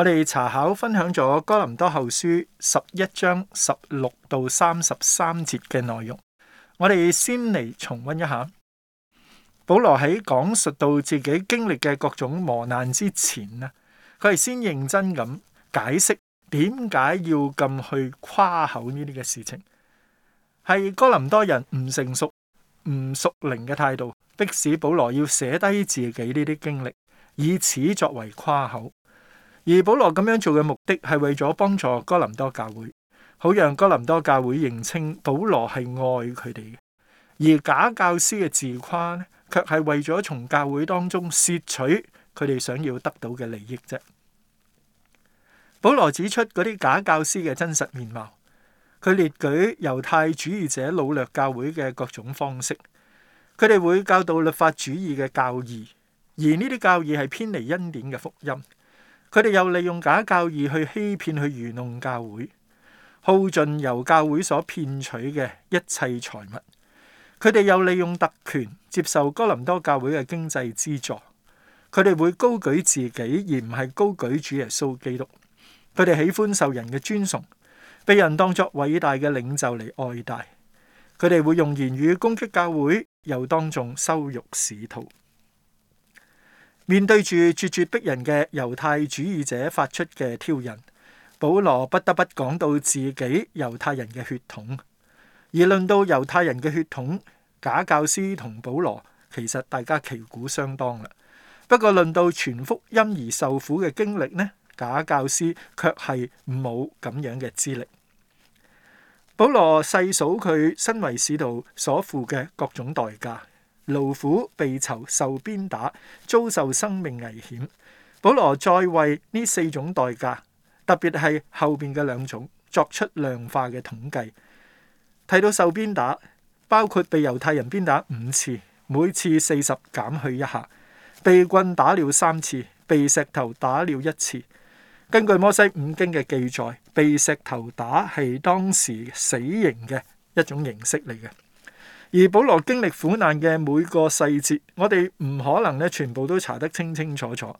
我哋查考分享咗哥林多後書十一章十六到三十三節嘅內容。我哋先嚟重温一下。保羅喺講述到自己經歷嘅各種磨難之前呢，佢係先認真咁解釋點解要咁去誇口呢啲嘅事情，係哥林多人唔成熟、唔熟靈嘅態度，迫使保羅要寫低自己呢啲經歷，以此作為誇口。而保羅咁樣做嘅目的係為咗幫助哥林多教會，好讓哥林多教會認清保羅係愛佢哋嘅，而假教師嘅自誇呢，卻係為咗從教會當中攝取佢哋想要得到嘅利益啫。保羅指出嗰啲假教師嘅真實面貌，佢列舉猶太主義者擄掠教會嘅各種方式，佢哋會教導律法主義嘅教義，而呢啲教義係偏離恩典嘅福音。佢哋又利用假教義去欺騙、去愚弄教會，耗盡由教會所騙取嘅一切財物。佢哋又利用特權接受哥林多教會嘅經濟資助。佢哋會高舉自己，而唔係高舉主耶穌基督。佢哋喜歡受人嘅尊崇，被人當作偉大嘅領袖嚟愛戴。佢哋會用言語攻擊教會，又當眾羞辱使徒。面對住咄咄逼人嘅猶太主義者發出嘅挑釁，保羅不得不講到自己猶太人嘅血統。而論到猶太人嘅血統，假教師同保羅其實大家旗鼓相當啦。不過論到傳福音而受苦嘅經歷呢，假教師卻係冇咁樣嘅資歷。保羅細數佢身為使徒所付嘅各種代價。勞苦被囚、受鞭打、遭受生命危險，保羅再為呢四種代價，特別係後邊嘅兩種，作出量化嘅統計。睇到受鞭打，包括被猶太人鞭打五次，每次四十減去一下；被棍打了三次，被石頭打了一次。根據摩西五經嘅記載，被石頭打係當時死刑嘅一種形式嚟嘅。而保羅經歷苦難嘅每個細節，我哋唔可能咧全部都查得清清楚楚。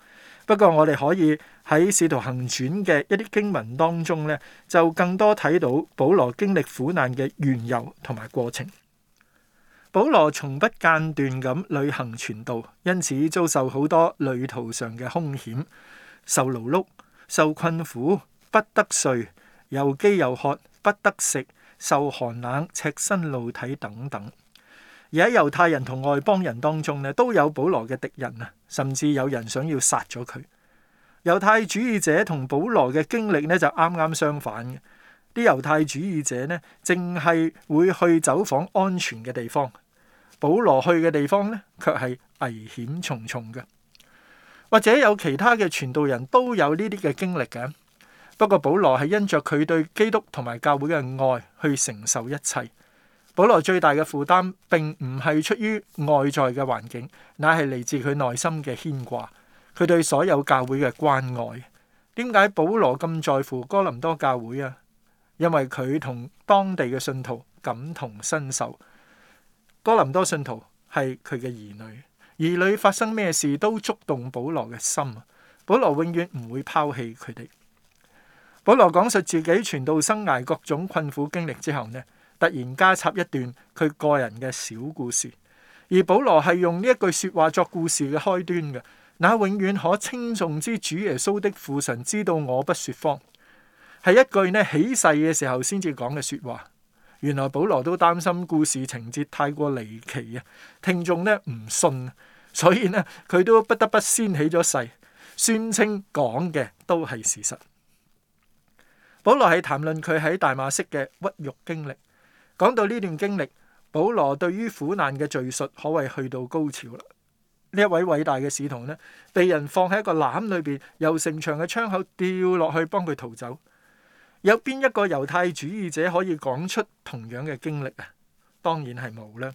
不過我哋可以喺使徒行傳嘅一啲經文當中咧，就更多睇到保羅經歷苦難嘅緣由同埋過程。保羅從不間斷咁旅行傳道，因此遭受好多旅途上嘅凶險，受勞碌、受困苦、不得睡、又飢又渴、不得食、受寒冷、赤身露體等等。而喺猶太人同外邦人當中咧，都有保羅嘅敵人啊，甚至有人想要殺咗佢。猶太主義者同保羅嘅經歷咧就啱啱相反嘅。啲猶太主義者咧，淨係會去走訪安全嘅地方，保羅去嘅地方咧卻係危險重重嘅。或者有其他嘅傳道人都有呢啲嘅經歷嘅。不過保羅係因着佢對基督同埋教會嘅愛去承受一切。保羅最大嘅負擔並唔係出於外在嘅環境，乃係嚟自佢內心嘅牽掛。佢對所有教會嘅關愛，點解保羅咁在乎哥林多教會啊？因為佢同當地嘅信徒感同身受。哥林多信徒係佢嘅兒女，兒女發生咩事都觸動保羅嘅心。保羅永遠唔會拋棄佢哋。保羅講述自己傳道生涯各種困苦經歷之後呢，突然加插一段佢個人嘅小故事，而保羅係用呢一句説話作故事嘅開端嘅，那永遠可稱頌之主耶穌的父神知道我不説謊，係一句呢起誓嘅時候先至講嘅説話。原來保羅都擔心故事情節太過離奇啊，聽眾呢唔信，所以呢佢都不得不先起咗誓，宣稱講嘅都係事實。保羅係談論佢喺大馬色嘅屈辱經歷。講到呢段經歷，保羅對於苦難嘅敘述可謂去到高潮啦。呢一位偉大嘅使徒呢，被人放喺一個籃裏邊，由城牆嘅窗口掉落去幫佢逃走。有邊一個猶太主義者可以講出同樣嘅經歷啊？當然係冇啦。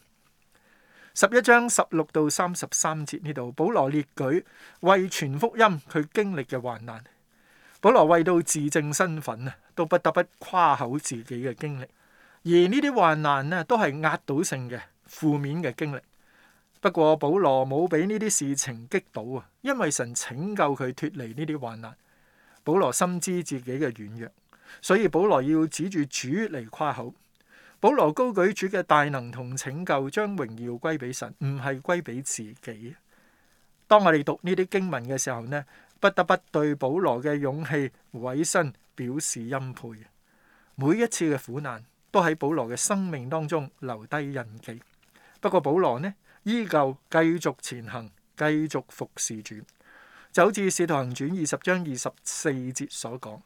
十一章十六到三十三節呢度，保羅列舉為傳福音佢經歷嘅患難。保羅為到自證身份啊，都不得不誇口自己嘅經歷。而呢啲患難咧，都係壓倒性嘅負面嘅經歷。不過保羅冇俾呢啲事情擊倒啊，因為神拯救佢脫離呢啲患難。保羅深知自己嘅軟弱，所以保羅要指住主嚟誇口。保羅高舉主嘅大能同拯救，將榮耀歸俾神，唔係歸俾自己。當我哋讀呢啲經文嘅時候呢，不得不對保羅嘅勇氣、委身表示欽佩。每一次嘅苦難。都喺保羅嘅生命當中留低印記。不過保羅呢，依舊繼續前行，繼續服侍主。就好似使徒行傳二十章二十四節所講：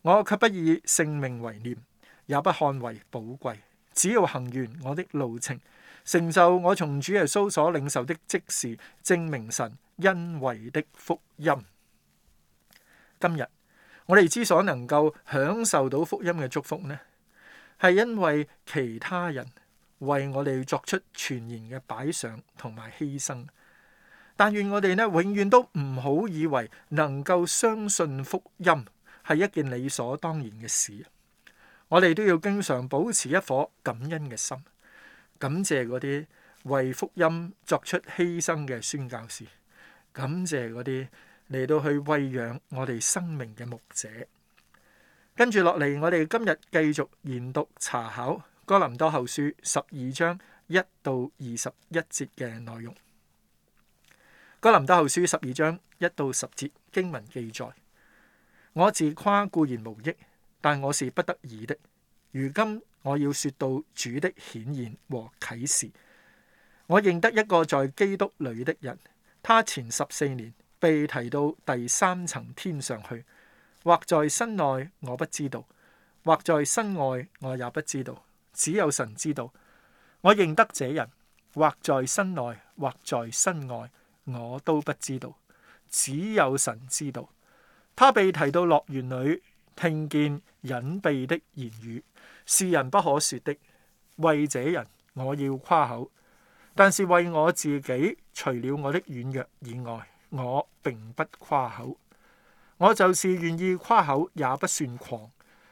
我卻不以性命為念，也不看為寶貴，只要行完我的路程，成就我從主耶穌所領受的即時證明神恩惠的福音。今日我哋之所以能夠享受到福音嘅祝福呢？係因為其他人為我哋作出全然嘅擺上同埋犧牲，但願我哋呢永遠都唔好以為能夠相信福音係一件理所當然嘅事。我哋都要經常保持一顆感恩嘅心，感謝嗰啲為福音作出犧牲嘅宣教士，感謝嗰啲嚟到去餵養我哋生命嘅牧者。跟住落嚟，我哋今日繼續研讀查考《哥林多後書》十二章一到二十一節嘅內容。《哥林多後書》十二章一到十節經文記載：我自誇固然無益，但我是不得已的。如今我要說到主的顯現和啟示。我認得一個在基督裏的人，他前十四年被提到第三層天上去。或在身內，我不知道；或在身外，我也不知道。只有神知道。我認得這人，或在身內，或在身外，我都不知道。只有神知道。他被提到樂園裏，聽見隱秘的言語，是人不可說的。為這人，我要誇口；但是為我自己，除了我的軟弱以外，我並不誇口。我就是願意誇口，也不算狂，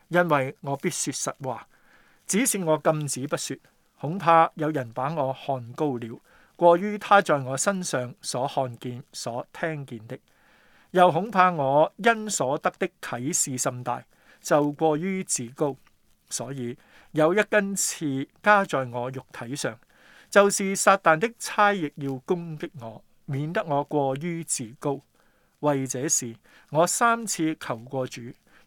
因為我必說實話。只是我禁止不說，恐怕有人把我看高了，過於他在我身上所看見、所聽見的，又恐怕我因所得的啟示甚大，就過於自高。所以有一根刺加在我肉體上，就是撒旦的差役要攻擊我，免得我過於自高。為這事，我三次求過主，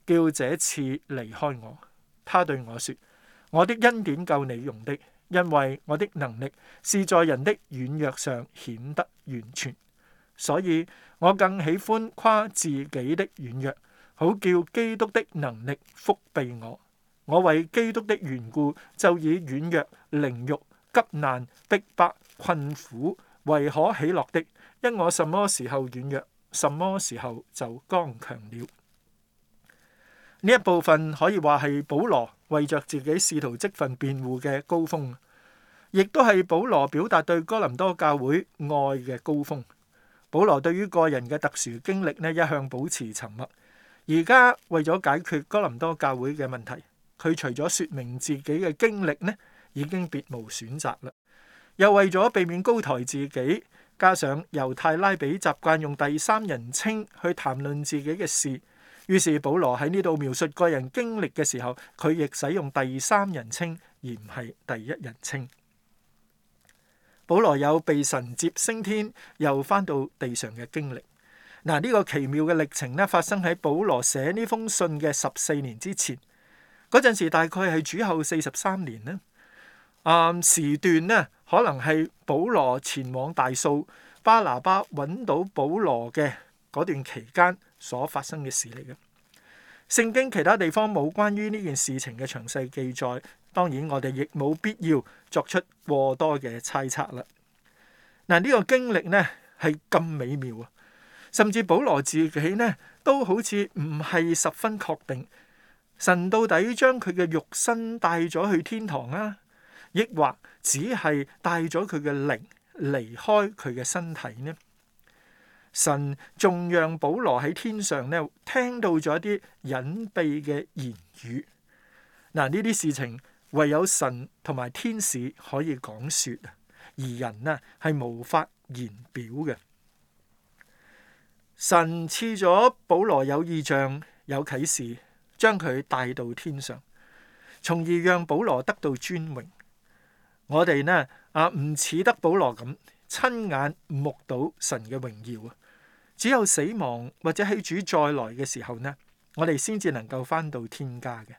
叫這次離開我。他對我說：我的恩典夠你用的，因為我的能力是在人的軟弱上顯得完全。所以我更喜歡誇自己的軟弱，好叫基督的能力覆庇我。我為基督的緣故，就以軟弱、凌辱、急難、逼迫、困苦，為可喜樂的，因我什麼時候軟弱，什麼時候就剛強了？呢一部分可以話，係保羅為着自己試圖職份辯護嘅高峰，亦都係保羅表達對哥林多教會愛嘅高峰。保羅對於個人嘅特殊經歷呢，一向保持沉默，而家為咗解決哥林多教會嘅問題，佢除咗說明自己嘅經歷呢，已經別無選擇啦。又為咗避免高抬自己。加上猶太拉比習慣用第三人稱去談論自己嘅事，於是保羅喺呢度描述個人經歷嘅時候，佢亦使用第三人稱而唔係第一人稱。保羅有被神接升天，又返到地上嘅經歷。嗱，呢個奇妙嘅歷程呢，發生喺保羅寫呢封信嘅十四年之前。嗰陣時大概係主後四十三年啦。啊、嗯！時段呢，可能係保羅前往大數，巴拿巴揾到保羅嘅嗰段期間所發生嘅事嚟嘅。聖經其他地方冇關於呢件事情嘅詳細記載，當然我哋亦冇必要作出過多嘅猜測啦。嗱，呢個經歷呢，係咁美妙啊，甚至保羅自己呢都好似唔係十分確定神到底將佢嘅肉身帶咗去天堂啊。抑或只係帶咗佢嘅靈離開佢嘅身體呢？神仲讓保羅喺天上呢，聽到咗一啲隱秘嘅言語。嗱，呢啲事情唯有神同埋天使可以講說。而人呢，係無法言表嘅。神賜咗保羅有意象、有啟示，將佢帶到天上，從而讓保羅得到尊榮。我哋呢啊唔似得保羅咁親眼目睹神嘅榮耀啊，只有死亡或者喺主再來嘅時候呢，我哋先至能夠翻到天家嘅。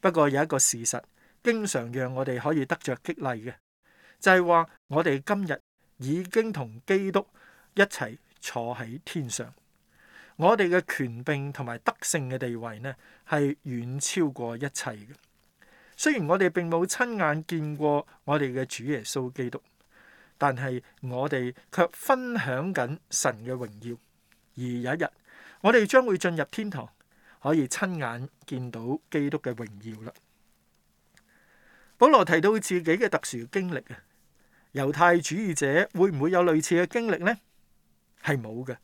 不過有一個事實，經常讓我哋可以得着激勵嘅，就係話我哋今日已經同基督一齊坐喺天上，我哋嘅權柄同埋德性嘅地位呢，係遠超過一切嘅。雖然我哋並冇親眼見過我哋嘅主耶穌基督，但係我哋卻分享緊神嘅榮耀，而有一日我哋將會進入天堂，可以親眼見到基督嘅榮耀啦。保羅提到自己嘅特殊經歷啊，猶太主義者會唔會有類似嘅經歷呢？係冇嘅，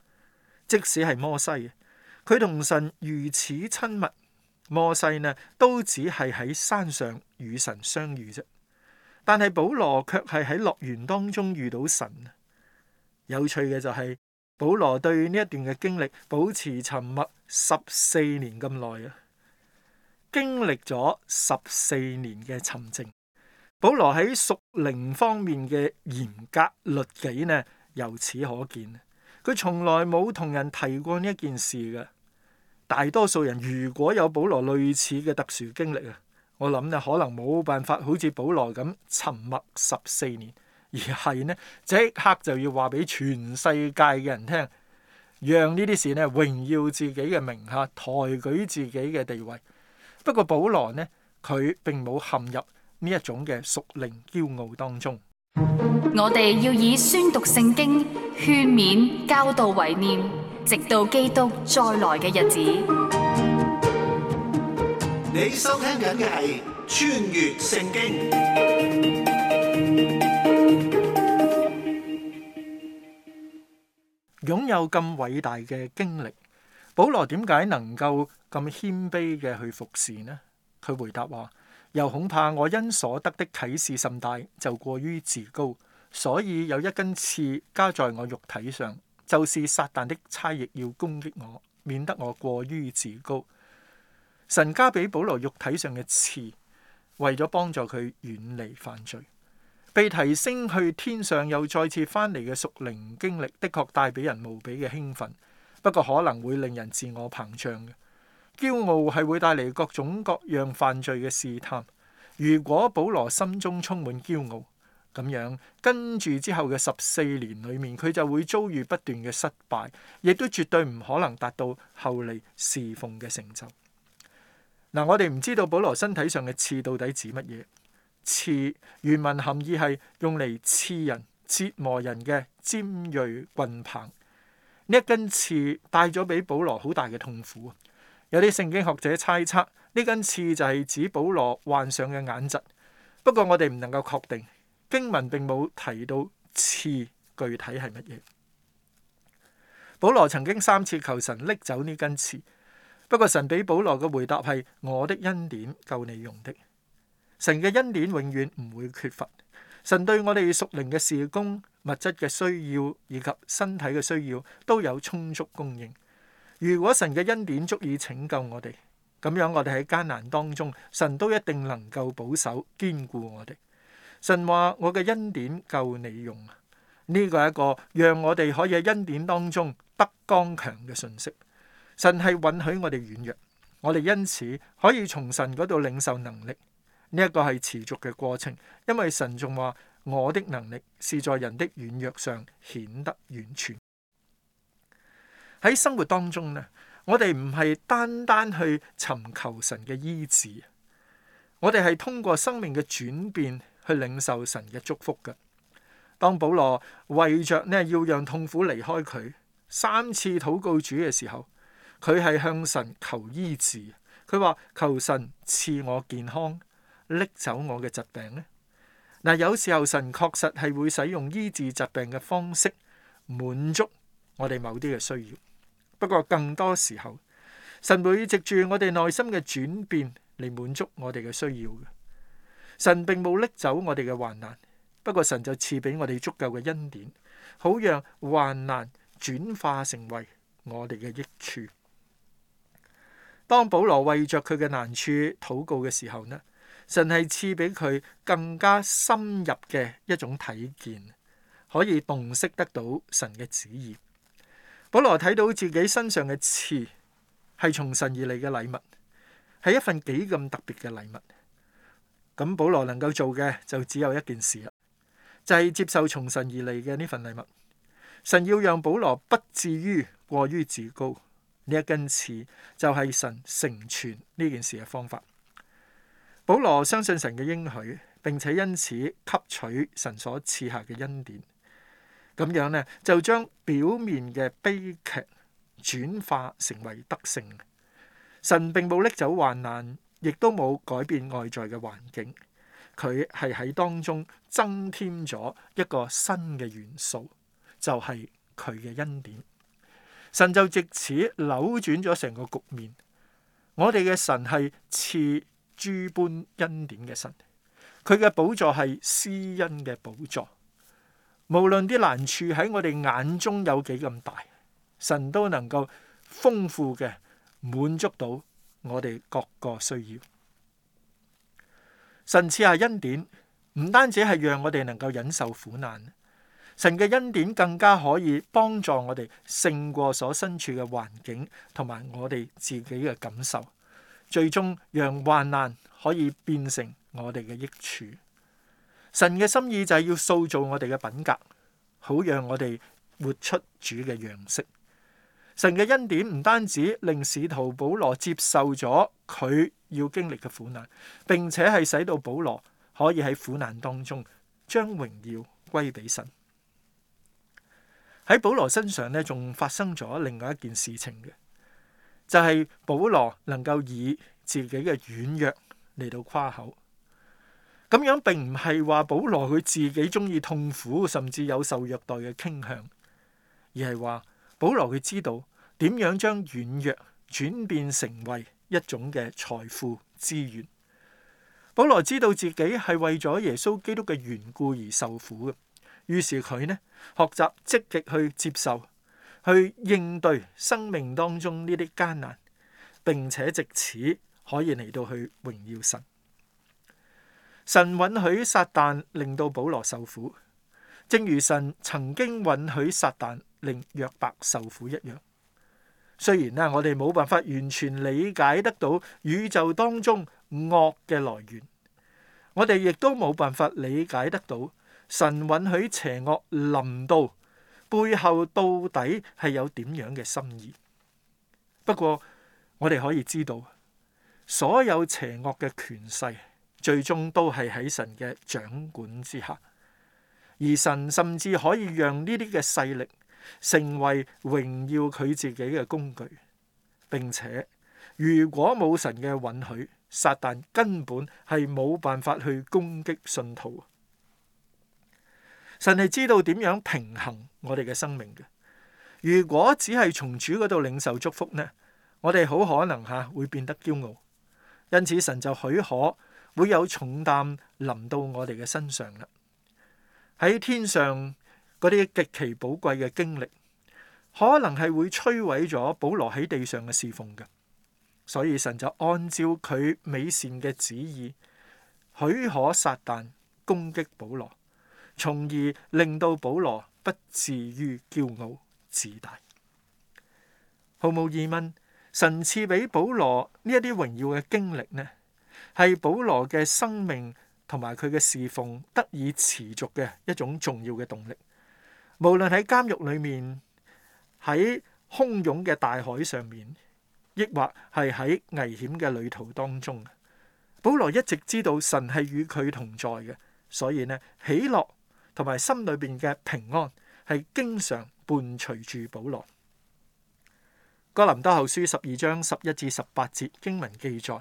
即使係摩西，佢同神如此親密。摩西呢，都只係喺山上與神相遇啫。但係保羅卻係喺樂園當中遇到神。有趣嘅就係、是、保羅對呢一段嘅經歷保持沉默十四年咁耐啊！經歷咗十四年嘅沉靜，保羅喺屬靈方面嘅嚴格律己呢，由此可見。佢從來冇同人提過呢一件事嘅。大多數人如果有保羅類似嘅特殊經歷啊，我諗就可能冇辦法好似保羅咁沉默十四年，而係呢，即刻就要話俾全世界嘅人聽，讓呢啲事呢榮耀自己嘅名下，抬舉自己嘅地位。不過保羅呢，佢並冇陷入呢一種嘅屬靈驕傲當中。我哋要以宣讀聖經、勸勉、教導為念。直到基督再來嘅日子，你收聽緊嘅係《穿越聖經》。擁有咁偉大嘅經歷，保羅點解能夠咁謙卑嘅去服侍呢？佢回答話：「又恐怕我因所得的啟示甚大，就過於自高，所以有一根刺加在我肉體上。就是撒旦的差役要攻擊我，免得我過於自高。神加俾保羅肉體上嘅刺，為咗幫助佢遠離犯罪。被提升去天上又再次翻嚟嘅屬靈經歷的確帶俾人無比嘅興奮，不過可能會令人自我膨脹嘅，驕傲係會帶嚟各種各樣犯罪嘅試探。如果保羅心中充滿驕傲，咁樣跟住之後嘅十四年裏面，佢就會遭遇不斷嘅失敗，亦都絕對唔可能達到後嚟侍奉嘅成就。嗱，我哋唔知道保羅身體上嘅刺到底指乜嘢。刺原文含義係用嚟刺人、折磨人嘅尖銳棍棒。呢一根刺帶咗俾保羅好大嘅痛苦。有啲聖經學者猜測，呢根刺就係指保羅患上嘅眼疾，不過我哋唔能夠確定。經文並冇提到刺具體係乜嘢。保羅曾經三次求神拎走呢根刺，不過神俾保羅嘅回答係：我的恩典夠你用的。神嘅恩典永遠唔會缺乏。神對我哋屬靈嘅事工、物質嘅需要以及身體嘅需要都有充足供應。如果神嘅恩典足以拯救我哋，咁樣我哋喺艱難當中，神都一定能夠保守、堅固我哋。神話我嘅恩典夠你用啊！呢個係一個讓我哋可以喺恩典當中得剛強嘅信息。神係允許我哋軟弱，我哋因此可以從神嗰度領受能力。呢一個係持續嘅過程，因為神仲話我的能力是在人的軟弱上顯得完全。喺生活當中呢，我哋唔係單單去尋求神嘅醫治，我哋係通過生命嘅轉變。去領受神嘅祝福嘅。當保羅為着咧要讓痛苦離開佢，三次禱告主嘅時候，佢係向神求醫治。佢話求神賜我健康，拎走我嘅疾病呢。嗱，有時候神確實係會使用醫治疾病嘅方式滿足我哋某啲嘅需要。不過更多時候，神會藉住我哋內心嘅轉變嚟滿足我哋嘅需要嘅。神並冇拎走我哋嘅患難，不過神就賜俾我哋足夠嘅恩典，好讓患難轉化成為我哋嘅益處。當保羅為着佢嘅難處禱告嘅時候呢，神係賜俾佢更加深入嘅一種睇見，可以洞悉得到神嘅旨意。保羅睇到自己身上嘅刺係從神而嚟嘅禮物，係一份幾咁特別嘅禮物。咁保羅能夠做嘅就只有一件事啦，就係接受從神而嚟嘅呢份禮物。神要讓保羅不至於過於自高，呢一根刺就係神成全呢件事嘅方法。保羅相信神嘅應許，並且因此吸取神所賜下嘅恩典，咁樣呢，就將表面嘅悲劇轉化成為德性。神並冇拎走患難。亦都冇改變外在嘅環境，佢係喺當中增添咗一個新嘅元素，就係佢嘅恩典。神就藉此扭轉咗成個局面。我哋嘅神係賜諸般恩典嘅神，佢嘅寶座係施恩嘅寶座。無論啲難處喺我哋眼中有幾咁大，神都能夠豐富嘅滿足到我哋各個需要，神賜下恩典，唔單止係讓我哋能夠忍受苦難，神嘅恩典更加可以幫助我哋勝過所身處嘅環境，同埋我哋自己嘅感受，最終讓患難可以變成我哋嘅益處。神嘅心意就係要塑造我哋嘅品格，好讓我哋活出主嘅樣式。神嘅恩典唔單止令使徒保羅接受咗佢要經歷嘅苦難，並且係使到保羅可以喺苦難當中將榮耀歸俾神。喺保羅身上呢，仲發生咗另外一件事情嘅，就係保羅能夠以自己嘅軟弱嚟到誇口。咁樣並唔係話保羅佢自己中意痛苦，甚至有受虐待嘅傾向，而係話。保羅佢知道點樣將軟弱轉變成為一種嘅財富資源。保羅知道自己係為咗耶穌基督嘅緣故而受苦嘅，於是佢呢學習積極去接受、去應對生命當中呢啲艱難，並且借此可以嚟到去榮耀神。神允許撒旦令到保羅受苦，正如神曾經允許撒旦。令約伯受苦一樣。雖然咧，我哋冇辦法完全理解得到宇宙當中惡嘅來源，我哋亦都冇辦法理解得到神允許邪惡臨到背後到底係有點樣嘅心意。不過，我哋可以知道，所有邪惡嘅權勢最終都係喺神嘅掌管之下，而神甚至可以讓呢啲嘅勢力。成為榮耀佢自己嘅工具，並且，如果冇神嘅允許，撒旦根本係冇辦法去攻擊信徒。神係知道點樣平衡我哋嘅生命嘅。如果只係從主嗰度領受祝福呢，我哋好可能吓會變得驕傲。因此，神就許可會有重擔臨到我哋嘅身上啦。喺天上。嗰啲極其寶貴嘅經歷，可能係會摧毀咗保羅喺地上嘅侍奉嘅，所以神就按照佢美善嘅旨意，許可撒旦攻擊保羅，從而令到保羅不至於驕傲自大。毫無疑問，神賜俾保羅呢一啲榮耀嘅經歷呢，係保羅嘅生命同埋佢嘅侍奉得以持續嘅一種重要嘅動力。無論喺監獄裏面，喺洶湧嘅大海上面，抑或係喺危險嘅旅途當中，保羅一直知道神係與佢同在嘅，所以呢，喜樂同埋心裏邊嘅平安係經常伴隨住保羅。哥林多後書十二章十一至十八節經文記載：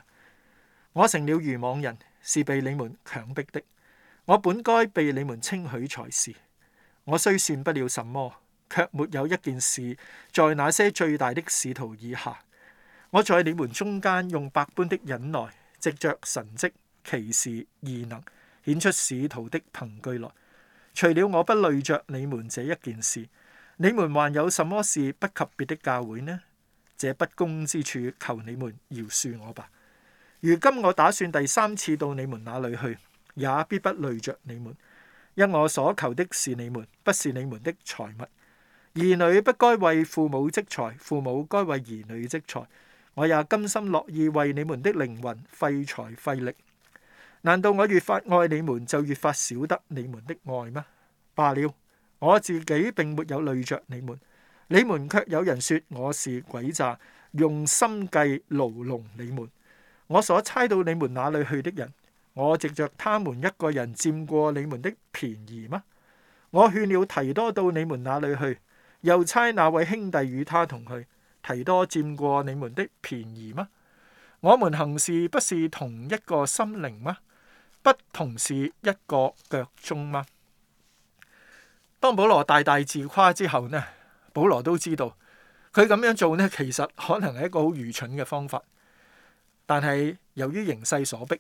我成了愚妄人，是被你們強迫的，我本該被你們稱許才是。我雖算不了什麼，卻沒有一件事在那些最大的使徒以下。我在你們中間用百般的忍耐，藉着神蹟、奇事、異能，顯出使徒的憑據來。除了我不累着你們這一件事，你們還有什麼事不及別的教會呢？這不公之處，求你們饒恕我吧。如今我打算第三次到你們那裏去，也必不累着你們。因我所求的是你們，不是你們的財物。兒女不該為父母積財，父母該為兒女積財。我也甘心樂意為你們的靈魂費財費力。難道我越發愛你們，就越發少得你們的愛嗎？罷了，我自己並沒有累着你們，你們卻有人說我是詭詐，用心計牢籠你們。我所猜到你們哪裏去的人？我藉着他們一個人佔過你們的便宜嗎？我勸了提多到你們那裏去，又差那位兄弟與他同去。提多佔過你們的便宜嗎？我們行事不是同一個心靈嗎？不同是一個腳蹤嗎？當保羅大大自誇之後呢，保羅都知道，佢咁樣做呢，其實可能係一個好愚蠢嘅方法。但係由於形勢所逼。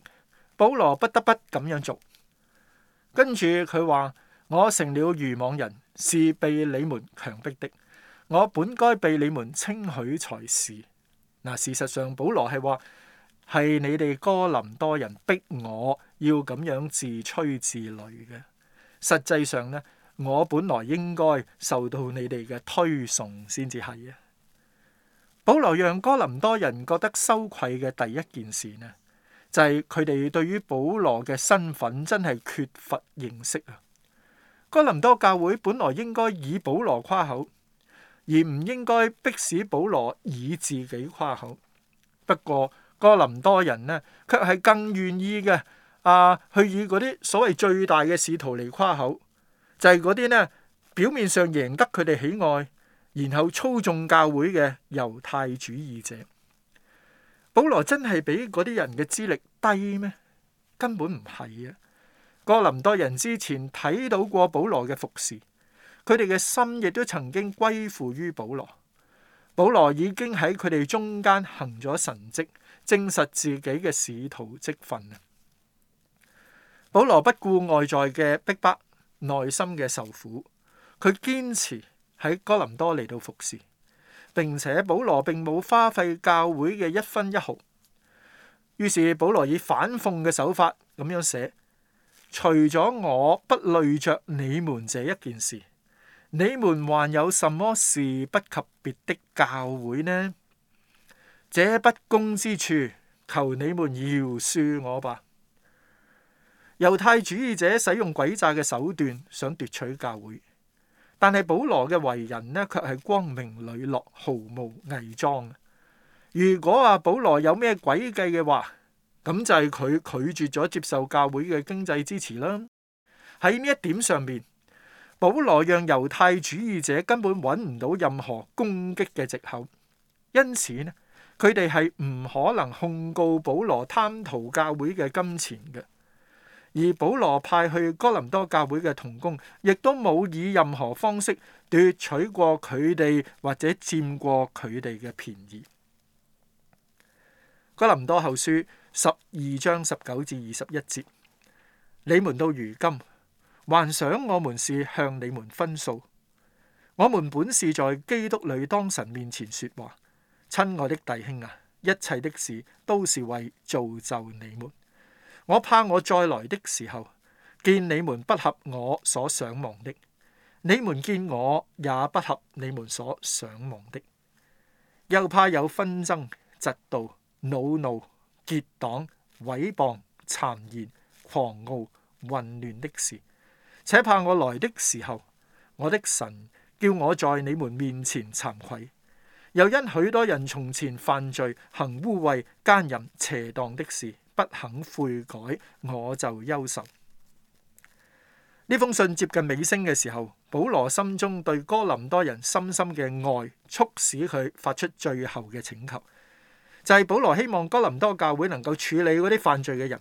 保羅不得不咁樣做，跟住佢話，我成了愚妄人，是被你們強迫的。我本該被你們稱許才是。嗱，事實上保羅係話，係你哋哥林多人逼我要咁樣自吹自擂嘅。實際上呢，我本來應該受到你哋嘅推崇先至係啊。保羅讓哥林多人覺得羞愧嘅第一件事呢？就係佢哋對於保羅嘅身份真係缺乏認識啊！哥林多教會本來應該以保羅誇口，而唔應該迫使保羅以自己誇口。不過哥林多人呢，卻係更願意嘅啊，去以嗰啲所謂最大嘅使徒嚟誇口，就係嗰啲呢，表面上贏得佢哋喜愛，然後操縱教會嘅猶太主義者。保羅真係比嗰啲人嘅資歷低咩？根本唔係啊！哥林多人之前睇到過保羅嘅服侍，佢哋嘅心亦都曾經歸附於保羅。保羅已經喺佢哋中間行咗神蹟，證實自己嘅使徒職分啊！保羅不顧外在嘅逼迫，迫，內心嘅受苦，佢堅持喺哥林多嚟到服侍。並且保羅並冇花費教會嘅一分一毫，於是保羅以反諷嘅手法咁樣寫：除咗我不累着你們這一件事，你們還有什麼事不及別的教會呢？這不公之處，求你們饒恕我吧！猶太主義者使用詭詐嘅手段，想奪取教會。但係保羅嘅為人咧，卻係光明磊落，毫無偽裝。如果阿保羅有咩詭計嘅話，咁就係佢拒絕咗接受教會嘅經濟支持啦。喺呢一點上面，保羅讓猶太主義者根本揾唔到任何攻擊嘅藉口，因此咧，佢哋係唔可能控告保羅貪圖教會嘅金錢嘅。而保羅派去哥林多教會嘅同工，亦都冇以任何方式奪取過佢哋或者佔過佢哋嘅便宜。哥林多後書十二章十九至二十一節：你們到如今幻想我們是向你們分訴？我們本是在基督裏當神面前説話。親愛的弟兄啊，一切的事都是為造就你們。我怕我再來的時候，見你們不合我所想望的；你們見我也不合你們所想望的。又怕有紛爭、嫉妒、惱怒、結黨、毀謗、讒言、狂傲、混亂的事，且怕我來的時候，我的神叫我在你們面前慚愧。又因許多人從前犯罪、行污穢、奸淫、邪蕩的事。不肯悔改，我就憂愁。呢封信接近尾聲嘅時候，保羅心中對哥林多人深深嘅愛，促使佢發出最後嘅請求，就係保羅希望哥林多教會能夠處理嗰啲犯罪嘅人，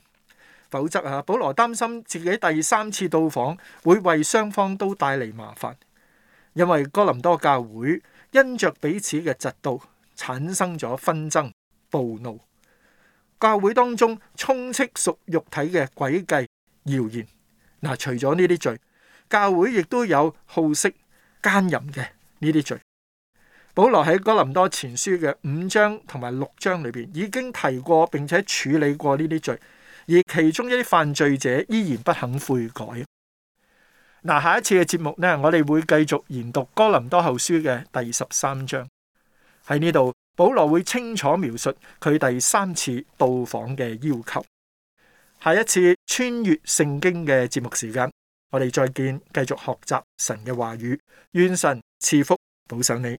否則啊，保羅擔心自己第三次到訪會為雙方都帶嚟麻煩，因為哥林多教會因着彼此嘅嫉妒產生咗紛爭、暴怒。教會當中充斥屬肉體嘅詭計、謠言。嗱、啊，除咗呢啲罪，教會亦都有好色、姦淫嘅呢啲罪。保羅喺哥林多前書嘅五章同埋六章裏邊已經提過，並且處理過呢啲罪，而其中一啲犯罪者依然不肯悔改。嗱、啊，下一次嘅節目呢，我哋會繼續研讀哥林多後書嘅第十三章，喺呢度。保羅會清楚描述佢第三次到訪嘅要求。下一次穿越聖經嘅節目時間，我哋再見，繼續學習神嘅話語。願神賜福、保守你。